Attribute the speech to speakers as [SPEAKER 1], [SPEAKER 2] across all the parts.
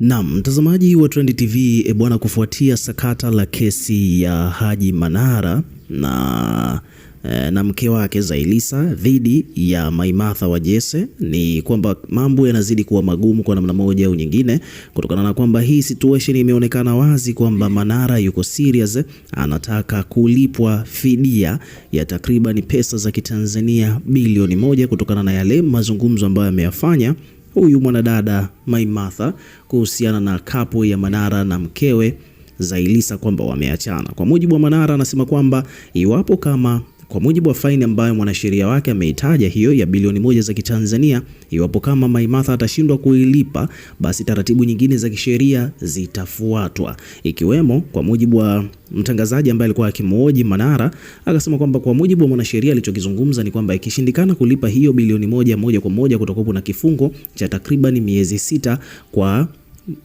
[SPEAKER 1] Naam, mtazamaji wa Trend TV e eh, bwana, kufuatia sakata la kesi ya Haji Manara na eh, na mke wake Zailisa dhidi ya maimatha wa Jesse ni kwamba mambo yanazidi kuwa magumu kwa namna moja au nyingine, kutokana na kwamba hii situation imeonekana wazi kwamba Manara yuko serious, anataka kulipwa fidia ya takriban pesa za Kitanzania bilioni moja kutokana na yale mazungumzo ambayo ameyafanya huyu mwanadada Maimartha kuhusiana na kapo ya Manara na mkewe Zailisa kwamba wameachana. Kwa mujibu wa Manara, anasema kwamba iwapo kama kwa mujibu wa faini ambayo mwanasheria wake ameitaja hiyo ya bilioni moja za Kitanzania, iwapo kama Maimartha atashindwa kuilipa, basi taratibu nyingine za kisheria zitafuatwa, ikiwemo kwa mujibu wa mtangazaji ambaye alikuwa akimwoji Manara, akasema kwamba kwa mujibu wa mwanasheria alichokizungumza ni kwamba ikishindikana kulipa hiyo bilioni moja moja kwa moja, kutakuwa na kifungo cha takriban miezi sita kwa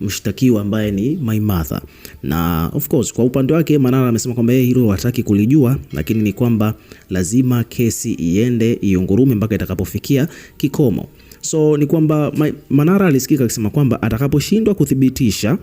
[SPEAKER 1] mshtakiwa ambaye ni mother. na of course kwa upande wake Manara amesema kwamba yeye hilo hataki kulijua, lakini ni kwamba lazima kesi iende iungurume mpaka itakapofikia kikomo. So ni kwamba Manara alisikika akisema kwamba atakaposhindwa kuthibitisha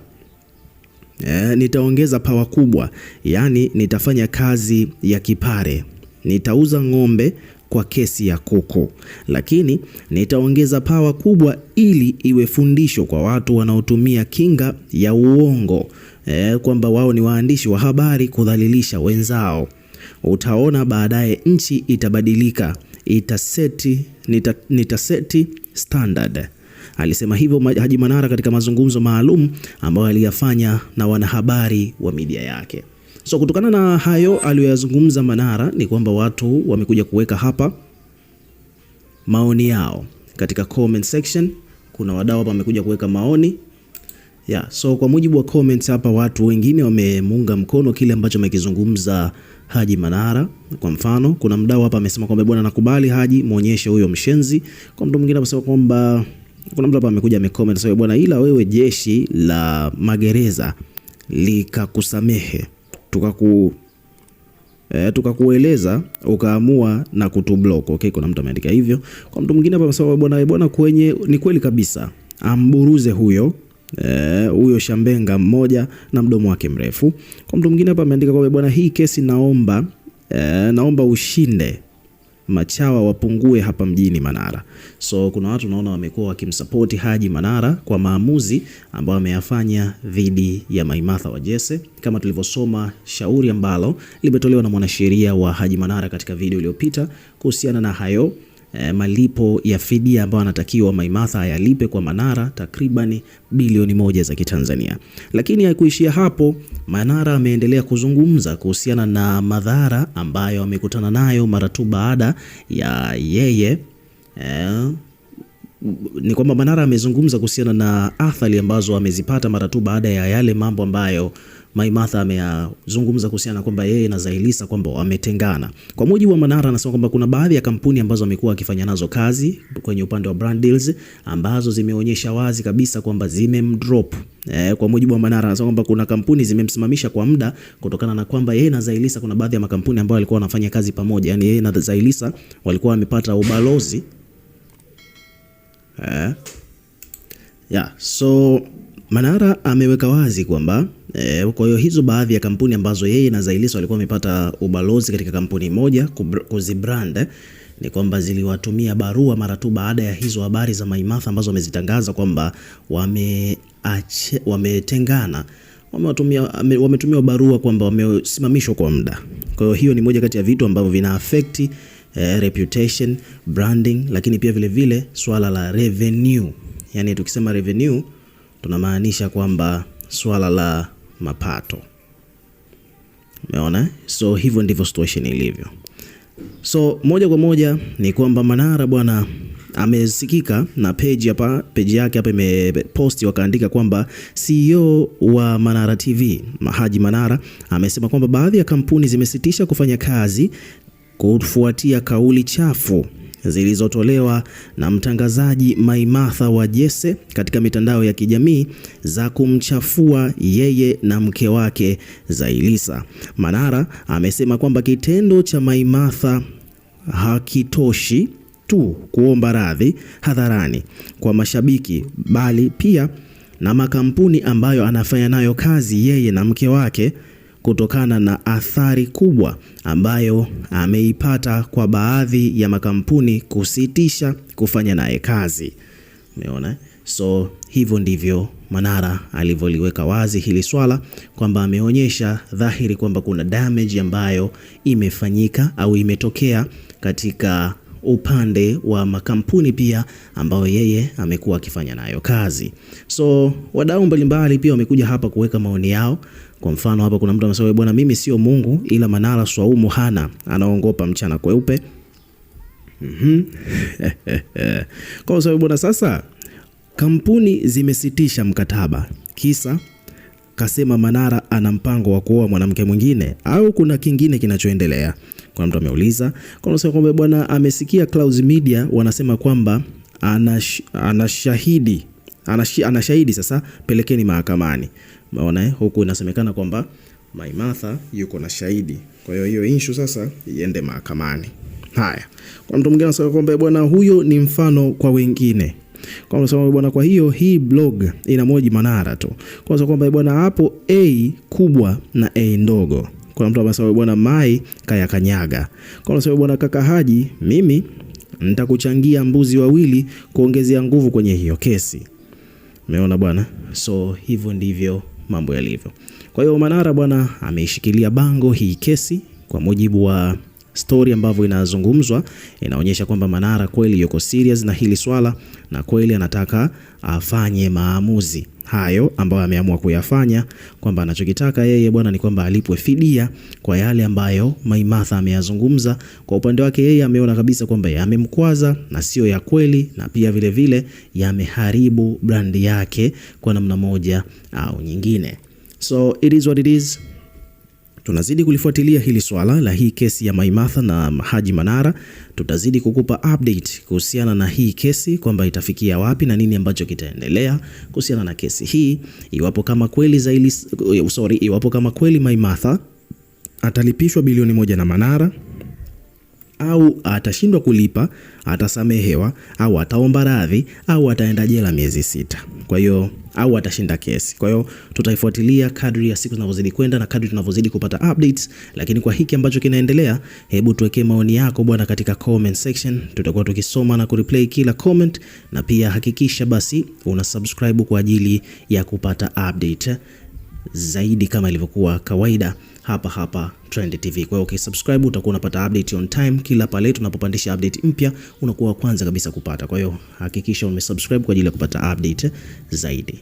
[SPEAKER 1] eh, nitaongeza pawa kubwa, yaani nitafanya kazi ya kipare, nitauza ng'ombe kwa kesi ya Coco, lakini nitaongeza pawa kubwa ili iwe fundisho kwa watu wanaotumia kinga ya uongo e, kwamba wao ni waandishi wa habari kudhalilisha wenzao. Utaona baadaye nchi itabadilika, itaseti, nita, nitaseti standard. Alisema hivyo Haji Manara katika mazungumzo maalum ambayo aliyafanya na wanahabari wa media yake. So kutokana na hayo aliyoyazungumza Manara ni kwamba watu wamekuja kuweka hapa maoni yao katika comment section. Kuna wadau hapa wamekuja kuweka maoni ya yeah. So kwa mujibu wa comments hapa, watu wengine wamemunga mkono kile ambacho amekizungumza Haji Manara. Kwa mfano, kuna mdau hapa amesema kwamba bwana, nakubali Haji, muonyeshe huyo mshenzi. Kwa mtu mwingine amesema kwamba kuna mtu hapa amekuja amecomment sasa, bwana, ila wewe jeshi la magereza likakusamehe tukaku eh, tukakueleza ukaamua na kutublock. Okay, kuna mtu ameandika hivyo. Kwa mtu mwingine hapa sababu bwana bwana, kwenye ni kweli kabisa, amburuze huyo e, huyo shambenga mmoja na mdomo wake mrefu. Kwa mtu mwingine hapa ameandika kwa bwana, hii kesi naomba eh, naomba ushinde machawa wapungue hapa mjini Manara. So kuna watu naona wamekuwa wakimsapoti Haji Manara kwa maamuzi ambayo ameyafanya dhidi ya maimatha wa Jesse, kama tulivyosoma shauri ambalo limetolewa na mwanasheria wa Haji Manara katika video iliyopita kuhusiana na hayo Eh, malipo ya fidia ambayo anatakiwa Maimartha ayalipe kwa Manara takribani bilioni moja za Kitanzania. Lakini haikuishia hapo, Manara ameendelea kuzungumza kuhusiana na madhara ambayo amekutana nayo mara tu baada ya yeye eh, ni kwamba Manara amezungumza kuhusiana na athari ambazo amezipata mara tu baada ya yale mambo ambayo Maimartha ameyazungumza kuhusiana na kwamba yeye na Zailisa kwamba wametengana. Kwa mujibu wa Manara, anasema kwamba kuna baadhi ya kampuni ambazo amekuwa akifanya nazo kazi kwenye upande wa brand deals ambazo zimeonyesha wazi kabisa kwamba zimemdrop. Eh, kwa mujibu wa Manara anasema kwamba kuna kampuni zimemsimamisha kwa muda kutokana na kwamba yeye na Zailisa, kuna baadhi ya makampuni ambayo walikuwa wanafanya kazi pamoja, yani yeye na Zailisa walikuwa wamepata ubalozi e. Yeah, so Manara ameweka wazi kwamba E, kwa hiyo hizo baadhi ya kampuni ambazo yeye na Zailisa walikuwa wamepata ubalozi katika kampuni moja kuzibrand ni kwamba ziliwatumia barua mara tu baada ya hizo habari za Maimatha ambazo wamezitangaza kwamba wametengana, wame wametumiwa barua kwamba wamesimamishwa kwa muda. Kwa hiyo hiyo ni moja kati ya vitu ambavyo vina affect eh, reputation, branding, lakini pia vile vile swala la revenue. Yani tukisema revenue tunamaanisha kwamba swala la mapato. Umeona? So hivyo ndivyo situation ilivyo. So moja kwa moja ni kwamba Manara bwana amesikika na page hapa, page yake hapa imeposti wakaandika kwamba CEO wa Manara TV Haji Manara amesema kwamba baadhi ya kampuni zimesitisha kufanya kazi kufuatia kauli chafu zilizotolewa na mtangazaji maimatha wa Jesse katika mitandao ya kijamii za kumchafua yeye na mke wake Zailisa. Manara amesema kwamba kitendo cha maimatha hakitoshi tu kuomba radhi hadharani kwa mashabiki bali pia na makampuni ambayo anafanya nayo kazi yeye na mke wake kutokana na athari kubwa ambayo ameipata kwa baadhi ya makampuni kusitisha kufanya naye kazi. Umeona? So hivyo ndivyo Manara alivyoliweka wazi hili swala kwamba ameonyesha dhahiri kwamba kuna damage ambayo imefanyika au imetokea katika upande wa makampuni pia ambayo yeye amekuwa akifanya nayo kazi. So wadau mbalimbali pia wamekuja hapa kuweka maoni yao. Kwa mfano hapa kuna mtu amesema, bwana, mimi sio Mungu ila Manara Swaumu hana anaongopa mchana kweupe. mm Kwa sababu bwana, sasa kampuni zimesitisha mkataba kisa kasema Manara ana mpango wa kuoa mwanamke mwingine au kuna kingine kinachoendelea? Kuna mtu ameuliza kwamba bwana, amesikia Clouds Media wanasema kwamba anash, anashahidi anash, anashahidi sasa, pelekeni mahakamani. Maona eh, huku inasemekana kwamba Maimartha yuko na shahidi, kwa hiyo hiyo issue sasa iende mahakamani. Haya, kwa mtu mwingine anasema kwamba bwana, huyo ni mfano kwa wengine. Kwa unasema bwana, kwa hiyo hii blog ina moji manara tu. Kwa sababu kwamba bwana, hapo a kubwa na a ndogo. Kuna mtu amesema bwana, mai kaya kanyaga. Kwa sababu bwana, kaka Haji, mimi nitakuchangia mbuzi wawili kuongezea nguvu kwenye hiyo kesi. Umeona bwana, so hivyo ndivyo mambo yalivyo. Kwa hiyo Manara bwana ameishikilia bango hii kesi kwa mujibu wa story ambavyo inazungumzwa inaonyesha kwamba Manara kweli yuko serious na hili swala na kweli anataka afanye maamuzi hayo ambayo ameamua kuyafanya, kwamba anachokitaka yeye bwana ni kwamba alipwe fidia kwa yale ambayo Maimartha ameyazungumza. Kwa upande wake yeye ameona kabisa kwamba yamemkwaza na sio ya kweli, na pia vile vile yameharibu brandi yake kwa namna moja au nyingine, so it is what it is. Tunazidi kulifuatilia hili swala la hii kesi ya maimatha na Haji Manara. Tutazidi kukupa update kuhusiana na hii kesi kwamba itafikia wapi na nini ambacho kitaendelea kuhusiana na kesi hii, iwapo kama kweli Zaili, sorry, iwapo kama kweli maimatha atalipishwa bilioni moja na Manara au atashindwa kulipa, atasamehewa au ataomba radhi au ataenda jela miezi sita. Kwa hiyo au atashinda kesi. Kwa hiyo tutaifuatilia kadri ya siku zinavyozidi kwenda na kadri tunavyozidi kupata updates, lakini kwa hiki ambacho kinaendelea, hebu tuwekee maoni yako bwana katika comment section. Tutakuwa tukisoma na kureplay kila comment, na pia hakikisha basi una subscribe kwa ajili ya kupata update zaidi kama ilivyokuwa kawaida hapa hapa Trend TV. Kwa hiyo ukisubscribe utakuwa unapata update on time kila pale tunapopandisha update mpya, unakuwa wa kwanza kabisa kupata. Kwa hiyo hakikisha umesubscribe kwa ajili ya kupata update zaidi.